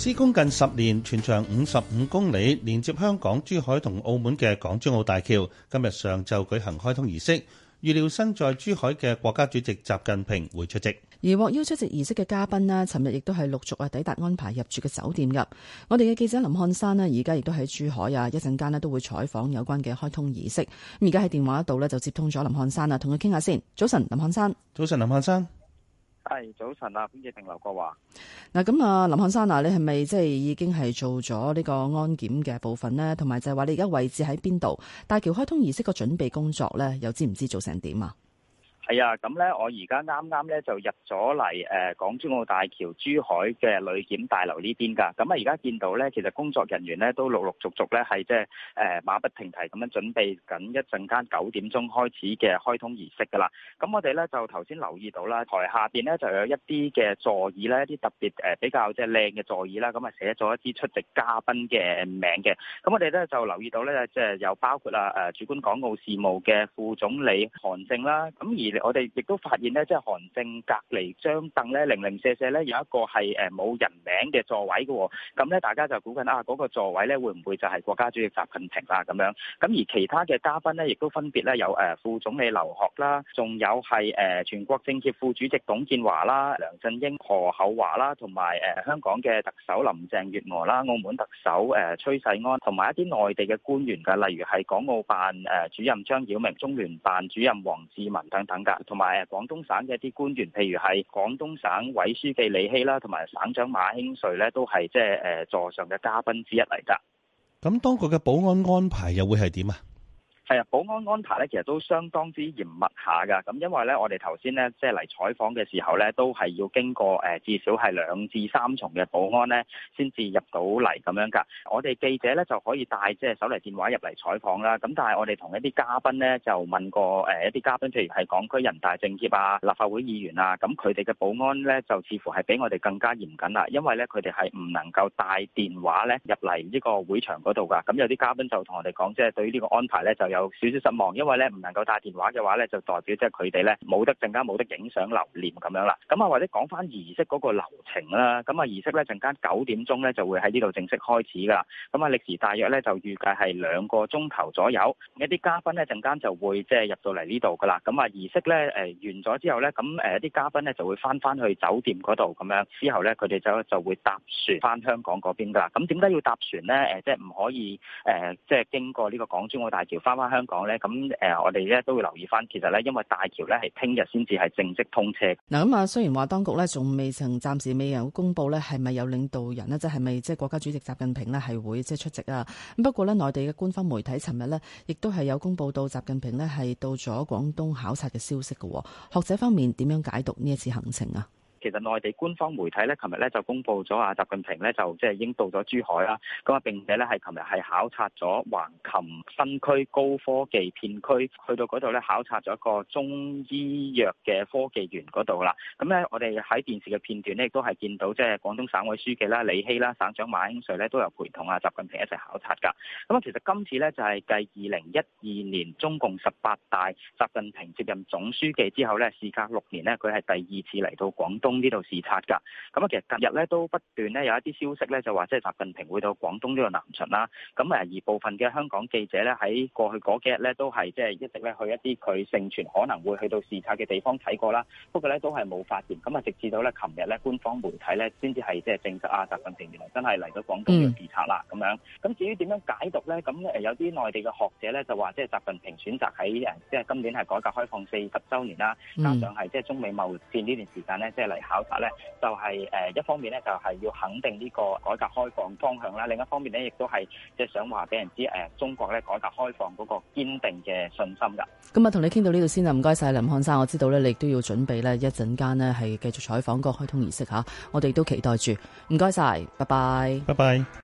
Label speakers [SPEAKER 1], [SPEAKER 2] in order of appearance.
[SPEAKER 1] 施工近十年，全長五十五公里，連接香港、珠海同澳門嘅港珠澳大橋，今日上晝舉行開通儀式。預料身在珠海嘅國家主席習近平會出席，
[SPEAKER 2] 而獲邀出席儀式嘅嘉賓呢，尋日亦都係陸續啊抵達，安排入住嘅酒店噶。我哋嘅記者林漢山呢，而家亦都喺珠海啊，一陣間呢都會採訪有關嘅開通儀式。咁而家喺電話度呢，就接通咗林漢山啊，同佢傾下先。早晨，林漢山。早晨，林漢山。
[SPEAKER 1] 係、嗯、早晨
[SPEAKER 2] 啊，潘潔平、劉國華。嗱，咁啊，林漢山啊，你係咪即係已經係做咗呢個安檢嘅部分咧？同埋就係話你而家位置喺邊度？大橋開通儀式個準備工作咧，又知唔知做成點啊？
[SPEAKER 1] 係啊，咁咧、哎，我而家啱啱咧就入咗嚟誒港珠澳大橋珠海嘅旅檢大樓呢邊㗎。咁、呃、啊，而家見到咧，其實工作人員咧都陸陸續續咧係即係誒馬不停蹄咁樣準備緊一陣間九點鐘開始嘅開通儀式㗎啦。咁我哋咧就頭先留意到啦，台下邊咧就有一啲嘅座椅咧，一啲特別誒、呃、比較即係靚嘅座椅啦。咁啊寫咗一啲出席嘉賓嘅名嘅。咁我哋咧就留意到咧，即係有包括啊誒主管港澳事務嘅副總理韓正啦。咁而你我哋亦都發現咧，即係韓正隔離張凳咧，零零舍舍咧，有一個係誒冇人名嘅座位㗎喎。咁咧，大家就估緊啊，嗰個座位咧會唔會就係國家主席習近平啦？咁樣咁而其他嘅嘉賓咧，亦都分別咧有誒副總理劉鶴啦，仲有係誒全國政協副主席董建華啦、梁振英、何厚鏵啦，同埋誒香港嘅特首林鄭月娥啦、澳門特首誒崔世安，同埋一啲內地嘅官員嘅，例如係港澳辦誒主任張曉明、中聯辦主任王志民等等。同埋廣東省嘅一啲官員，譬如係廣東省委書記李希啦，同埋省長馬興瑞咧，都係即係誒座上嘅嘉賓之一嚟噶。
[SPEAKER 2] 咁當局嘅保安安排又會係點啊？
[SPEAKER 1] 係啊，保安安排咧，其實都相當之嚴密下噶。咁因為咧，我哋頭先咧，即係嚟採訪嘅時候咧，都係要經過誒至少係兩至三重嘅保安咧，先至入到嚟咁樣噶。我哋記者咧就可以帶即係手提電話入嚟採訪啦。咁但係我哋同一啲嘉賓咧，就問過誒一啲嘉賓，譬、呃、如係港區人大政協啊、立法會議員啊，咁佢哋嘅保安咧就似乎係比我哋更加嚴緊啦。因為咧，佢哋係唔能夠帶電話咧入嚟呢個會場嗰度噶。咁有啲嘉賓就同我哋講，即係對於呢個安排咧就有，有少少失望，因為咧唔能夠打電話嘅話咧，就代表即係佢哋咧冇得陣間冇得影相留念咁樣啦。咁啊，或者講翻儀式嗰個流程啦。咁啊，儀式咧陣間九點鐘咧就會喺呢度正式開始噶啦。咁啊，歷時大約咧就預計係兩個鐘頭左右。一啲嘉賓咧陣間就會即係入到嚟呢度噶啦。咁 啊樂，儀式咧誒完咗之後咧，咁誒一啲嘉賓咧就會翻翻去酒店嗰度咁樣。之後咧佢哋就就會搭船翻香港嗰邊噶啦。咁點解要搭船咧？誒，即係唔可以誒，即係經過呢個港珠澳大橋翻翻。香港咧，咁誒，我哋咧都會留意翻。其實咧，因為大橋咧係聽日先至係正式通車。
[SPEAKER 2] 嗱，咁啊，雖然話當局咧仲未曾，暫時未有公布咧係咪有領導人呢？即係咪即係國家主席習近平呢係會即係出席啊。咁不過咧，內地嘅官方媒體尋日咧亦都係有公布到習近平呢係到咗廣東考察嘅消息嘅。學者方面點樣解讀呢一次行程啊？
[SPEAKER 1] 其實內地官方媒體咧，琴日咧就公布咗啊，習近平咧就即係已經到咗珠海啦。咁啊，並且咧係琴日係考察咗橫琴新區高科技片區，去到嗰度咧考察咗一個中醫藥嘅科技園嗰度啦。咁咧，我哋喺電視嘅片段咧，亦都係見到即係廣東省委書記啦、李希啦、省長馬興瑞咧都有陪同啊，習近平一齊考察㗎。咁啊，其實今次咧就係繼二零一二年中共十八大習近平接任總書記之後咧，事隔六年呢，佢係第二次嚟到廣東。呢度視察㗎，咁啊，其實近日咧都不斷咧有一啲消息咧就話即係習近平會到廣東呢個南巡啦，咁啊而部分嘅香港記者咧喺過去嗰幾日咧都係即係一直咧去一啲佢盛傳可能會去到視察嘅地方睇過啦，不過咧都係冇發現，咁啊，直至到咧琴日咧官方媒體咧先至係即係證實啊，習近平原來真係嚟到廣東嘅視察啦咁樣。咁至於點樣解讀咧？咁誒，有啲內地嘅學者咧就話即係習近平選擇喺誒即係今年係改革開放四十周年啦，加上係即係中美貿戰呢段時間咧，即係嚟。考察呢就係誒一方面呢，就係要肯定呢個改革開放方向啦，另一方面呢，亦都係即係想話俾人知誒中國呢改革開放嗰個堅定嘅信心噶。
[SPEAKER 2] 咁日同你傾到呢度先啦，唔該晒林漢山，我知道呢，你都要準備呢一陣間呢，係繼續採訪個開通儀式吓，我哋都期待住，唔該晒，拜拜，拜拜。